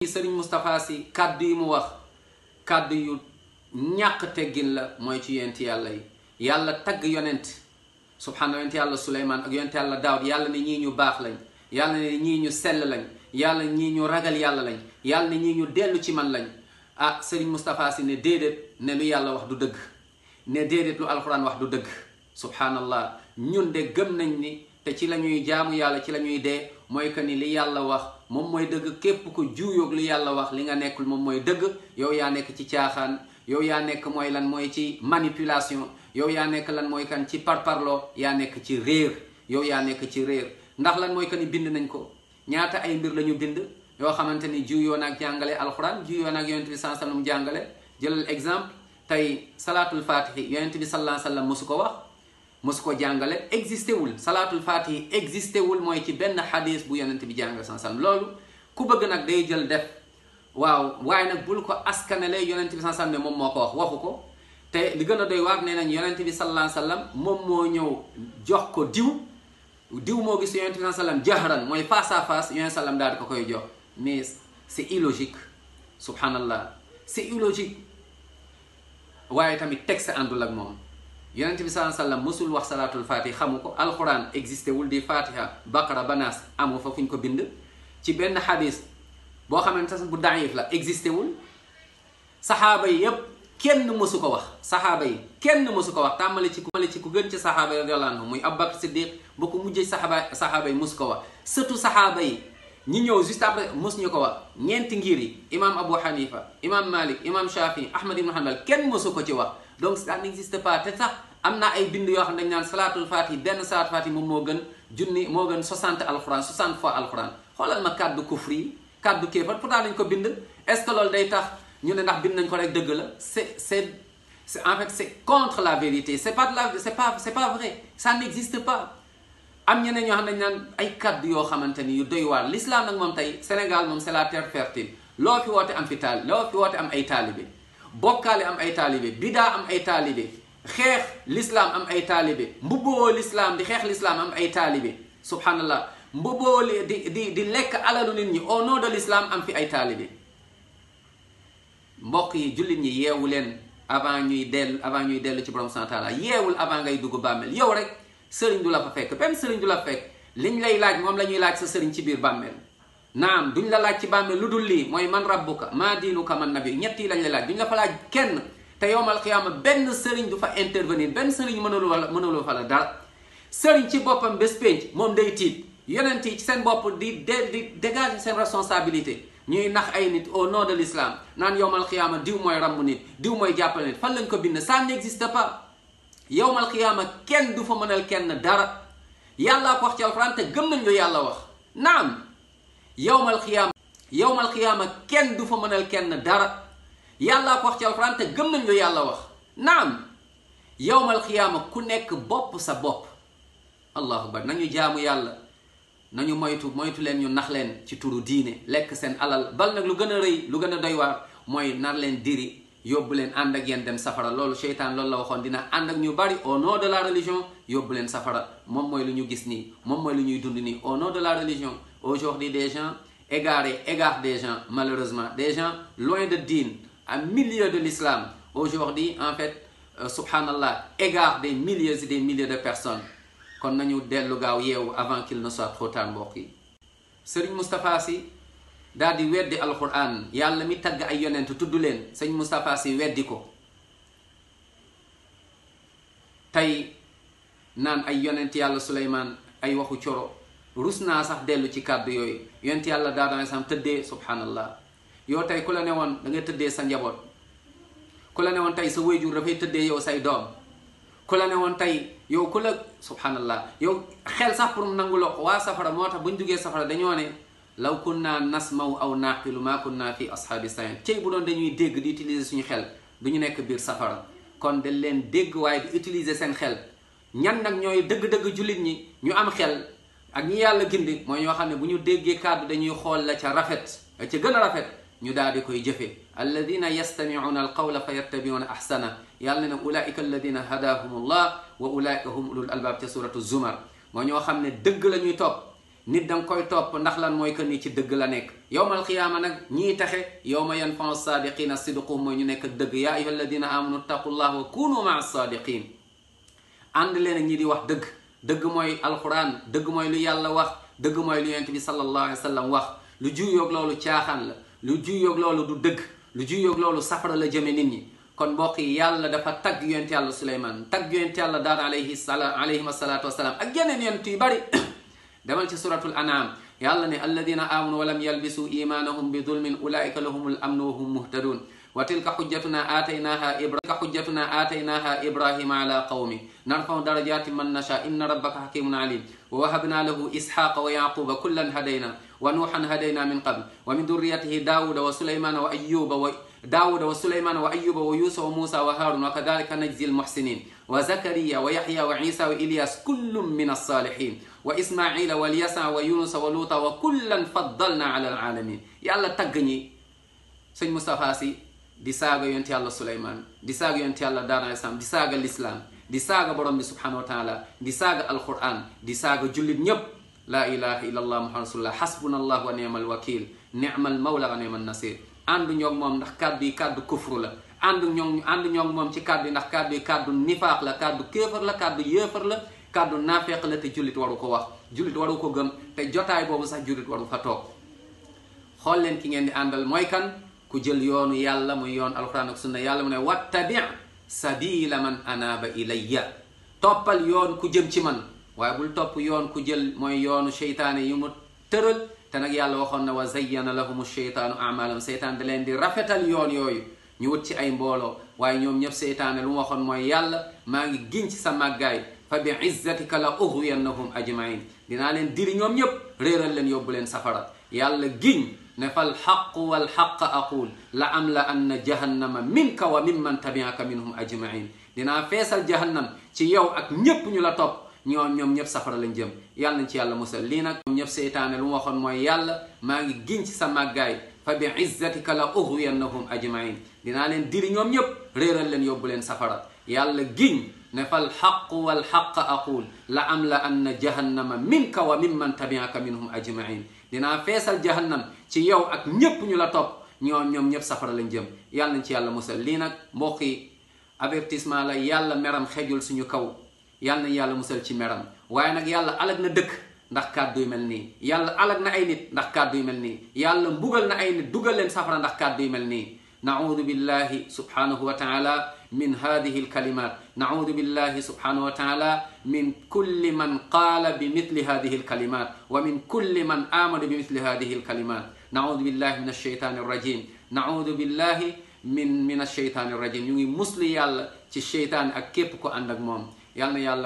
yi sëriñ Moustapha si kàddu yi mu wax kàddu yu ñàkk teggin la mooy ci yonent yàlla yi yàlla tagg yonent subhaana yonent yàlla Suleymaan ak yonent yàlla Daawud yàlla ne ñii ñu baax lañ yàlla ne ñii ñu sell lañ yàlla ñii ñu ragal yàlla lañ yàlla ne ñii ñu dellu ci man lañ ah sëriñ Moustapha si ne déedéet ne lu yàlla wax du dëgg ne déedéet lu alxuraan wax du dëgg subhaanallah ñun de gëm nañ ni te ci la ñuy jaamu yàlla ci la ñuy dee mooy que ni li yàlla wax moom mooy dëgg képp ko juuyoog li yàlla wax li nga nekkul moom mooy dëgg yow yaa nekk ci caaxaan yow yaa nekk mooy lan mooy ci manipulation yow yaa nekk lan mooy kan ci parparloo yaa nekk ci réer yow yaa nekk ci réer ndax lan mooy que ni bind nañ ko ñaata ay mbir la ñu bind yoo xamante ni juuyoon ak jàngale alxuraan juuyoon ak yonent bi sallallahu jàngale jëlal exemple tey salaatul faatihi yonent bi sallallahu alayhi wasallam mosu ko wax mosu ko jàngale existé wul salaatul fatihi existé wul mooy ci benn xadis bu yonent bi jàngal san san loolu ku bëgg nag day jël def waaw waaye nag bul ko askanale yonent bi san san ne moom moo ko wax waxu ko te li gën a doy waar nee nañ yonent bi sallallahu alayhi wasallam moom moo ñëw jox ko diw diw moo gis yonent bi sallallahu alayhi jahran mooy face à face yonent sallam daal di ko koy jox mais c'est illogique subhanallah ci illogique waaye tamit texte àndul ak moom yonent bi sallallahu alayhi wasallam wax salaatul fatiha xamu ko alxuraan existé wul di fatiha baqara banaas amu fa fuñ ko bind ci benn xadis boo xamante ne bu daif la existé wul saxaaba yi yëpp kenn mësu ko wax saxaaba yi kenn mësu ko wax tàmmale ci ku ci ku gën ci saxaaba yi radiyallahu anhu muy Abubakar Siddiq bu ko mujjee saxaaba saxaaba yi mësu ko wax surtout saxaaba yi ñu ñëw juste après mës ñu ko wax ñeenti ngir yi imam Abu Hanifa imam Malik imam Shafi Ahmad ibn Hanbal kenn mësu ko ci wax donc ça n'existe pas te sax am na ay bind yoo xam ne dañu naan salaatul yi benn salaatul fatih moom moo gën junni moo gën 60 alxuraan 60 fois alxuraan xoolal ma kàddu kufri yi kàddu kéefar pourtant dañ ko bind est ce que loolu day tax ñu ne ndax bind nañ ko rek dëgg la c'est c'est c'est en fait c'est contre la vérité c'est pas de la c'est pas am ñeneen ñoo xam ne dañu naan ay kàddu yoo xamante ni yu doy waar l'islam nag moom tey Sénégal moom c'est la terre fertile loo fi woote am fi taal loo fi ay taalibe bokkaale am ay taalibe bidaa am ay taalibe xeex lislaam am ay taalibe mbubboo lislaam di xeex lislaam am ay taalibe subhanallah mbubboo di di di lekk alalu nit ñi ono de l'islam am fi ay taalibe mbokk yi jullit ñi yeewu leen avant ñuy dell avant ñuy dellu ci borom sant taala yeewul avant ngay dugg bàmmeel yow rek sëriñ du la fa fekk benn sëriñ du la fa fekk liñ lay laaj moom la ñuy laaj sa sëriñ ci biir bàmmeel naam duñ la laaj ci bàmmeel lu dul lii mooy man rabbuka maa diinuka man nabi ñett yi lañ la laaj duñ la fa laaj kenn te yowmal xiyaama benn sëriñ du fa intervenir benn sëriñ mënalu wala mënalu fa la dara sëriñ ci boppam bés pénc moom day tiit yonent ci seen bopp di de di seen responsabilité ñuy nax ay nit au nom de l'islam naan yowmal xiyaama diw mooy ramb nii diw mooy jàppale nit fan lañ ko bind ça n'existe pas yowmal xiyaama kenn du fa mënal kenn dara yàllaa ko wax ci alxuraan gëm nañ lu yàlla wax yowmal xiyaama yowmal xiyaama kenn du fa mënal kenn dara yàllaa ko wax ci alxuraan te gëm nañ lu yàlla wax naam yowmal xiyaama ku nekk bopp sa bopp allahu akbar nañu jaamu yàlla nañu moytu moytu leen ñu nax leen ci turu diine lekk seen alal bal nag lu gën a rëy lu gën a doy waar mooy nar leen diri yóbbu leen ànd ak yéen dem safara loolu seytaan loolu la waxoon dina ànd ak ñu bari au nom de la religion yóbbu leen safara moom mooy lu ñu gis nii moom mooy lu ñuy dund nii au nom de la religion aujourd'hui des gens égarés égarent des gens malheureusement des gens loin de diin à milieu de lislaam au l'islam aujourd'hui en fait euh, subhanallah égarent des milliers des milliers de personnes kon nañu dellu gaaw yeewu avant qu'il ne soit trop tard mbokk yi Serigne daal di weddi alquran yàlla mi tagg ay yonent tudd leen sëñ Moustapha si weddi ko tey naan ay yonent yàlla Suleymaan ay waxu coro rus naa sax dellu ci kàddu yooyu yonent yàlla daadama sam tëddee subhanallah yow tey ku la ne woon da nga tëddee sa njaboot ku la ne woon tey sa wéyjur dafay tëddee yow say doom ku la ne woon tey yow ku la subhanallah yow xel sax pour nangu la waa safara moo tax buñ duggee safara dañoo ne law kunna nasmaw aw naqilu ma kunna fi ashaabi sain cey bu doon dañuy dégg di utiliser suñu xel du ñu nekk biir safara kon dañ leen dégg waaye di utiliser seen xel ñan nag ñooy dëgg-dëgg jullit ñi ñu am xel ak ñi yàlla gindi mooy ñoo xam ne bu ñu déggee kàddu dañuy xool la ca rafet la ca gën a rafet ñu daal di koy jëfe alladina yastamicuuna alqawla fa yattabicuuna axsana yàlla ne ulaika alladina hadahum allah wa ulaika hum ulul albab ca suratu zumar moo ñoo xam ne dëgg la ñuy topp nit da koy topp ndax lan mooy que ni ci dëgg la nekk yowmal xiyaama nag ñii taxe yowma yanfau saadiqina sidqu mooy ñu nekk dëgg yaa ayuha alladina amanu taqullaha wa kunu maa saadiqin ànd leen ak di wax dëgg dëgg mooy alquran dëgg mooy lu yàlla wax dëgg mooy lu yonent bi sallallahu alayhi wa wax lu juyoog loolu caaxaan la lu juyoog loolu du dëgg lu juyoog loolu safara la jëme nit ñi kon mbokk yi yàlla dafa tagg yonent yàlla suleyman tagg yonent yàlla daan alayhi salaam alayhim asalaatu wasalaam ak yeneen yonent yu bari demal ci suratul anam yàlla ne alladina amanu walam yalbisu imanahum bi dulmin ulaika lahumul amnu wa hum muhtadun wa tilka xujjatuna aataynaha tilka xujjatuna aataynaha ibrahima ala qawmi narfau darajati man nasha inna rabbaka hakimun alim wa wahabna lahu ishaqa wa yaquba kullan hadayna wa nuuhan hadayna min qabl wa min durriyatihi daawuda wa sulaymana wa ayyuba wa daawuda wa suleymaana wa ayuba wa yuusa wa muusa wa haarun wa kadalika najzi lmuxsinin wa zakariya wa yaxya wa isa wa ilyas kullum min alsaalixin wa ismaila wa lyasa wa yunusa wa luuta wa kullan faddalna ala alaalamin yàlla tagg ñi sëñ Moustapha Sy di saaga yonti yàlla suleymaan di saaga yonti yàlla daaral islaam di saaga lislaam di saaga borom bi subhanahu wa taala di saaga alquran di saaga jullit ñépp laa ilaha illa allah muhammad rasulullah xasbuna allah wa ni'mal wakil ni'mal mawla wa ni'mal nasir àndu ñoog moom ndax kàddu yi kàddu kufru la àndu ñoom àndu ñoog moom ci kàddu yi ndax kàddu yi kàddu nifaaq la kàddu kéefar la kàddu yéefar la kàddu naafeq la te jullit waru ko wax jullit waru ko gëm te jotaay boobu sax jullit waru fa toog xool leen ki ngeen di àndal mooy kan ku jël yoonu yàlla muy yoon alxuraan ak sunna yàlla mu ne wattabi sabila man anaaba ilayya toppal yoon ku jëm ci man waaye bul topp yoon ku jël mooy yoonu seytaane yi mu te nag yàlla waxoon na wa zayyana lahumu sheytaanu amaalam seytaan da leen di rafetal yoon yooyu ñu wut ci ay mbooloo waaye ñoom ñëpp seytaane lu waxoon mooy yàlla maa ngi giñ sa màggaay fa bi izzatika la ughwiyannahum ajmain dinaa leen diri ñoom ñëpp réeral leen yóbbu leen safara yàlla giñ ne fal xaqu wal xaq aqul la am la anna jahannama minka wa mimman tabiaka minhum ajmain dinaa feesal jahannam ci yow ak ñépp ñu la topp ñoom ñoom ñëpp safara lañ jëm yàlla nañ ci yàlla musal lii nag ñoom ñëpp seytaane lu waxoon mooy yàlla maa ngi giñ ci sa màggaay fa bi izzatika la ughwiyannahum ajmain dinaa leen diri ñoom ñëpp réeral leen yóbbu leen safara yàlla giñ ne fal xaqu wal xaqa aqul la am la anna jahannama minka wa mimman tabiaka minhum ajmain dinaa feesal jahannam ci yow ak ñépp ñu la top ñoom ñoom ñëpp safara lañ jëm yàlla nañ ci yàlla musal lii nag mbokk yi avertissement la yàlla meram xejul suñu kaw yàlla nañ yàlla musal ci meram waaye nag yàlla alag na dëkk ndax kàddu yu mel nii yàlla alag na ay nit ndax kàddu yu mel nii yàlla mbugal na ay nit dugal leen safara ndax kàddu yu mel nii naudu billahi subhanahu wa taala min hadihi alkalimat naudu billahi subhanahu wa taala min kulli man qaala bi mitli hadihi alkalimat wa min kulli man aamana bi mitli hadihi alkalimat naudu billahi min alsheytaani arrajim naudu billahi min min alsheytaani arrajim ñu ngi musli yàlla ci sheytaan ak képp ko ànd ak moom yàlla na yàlla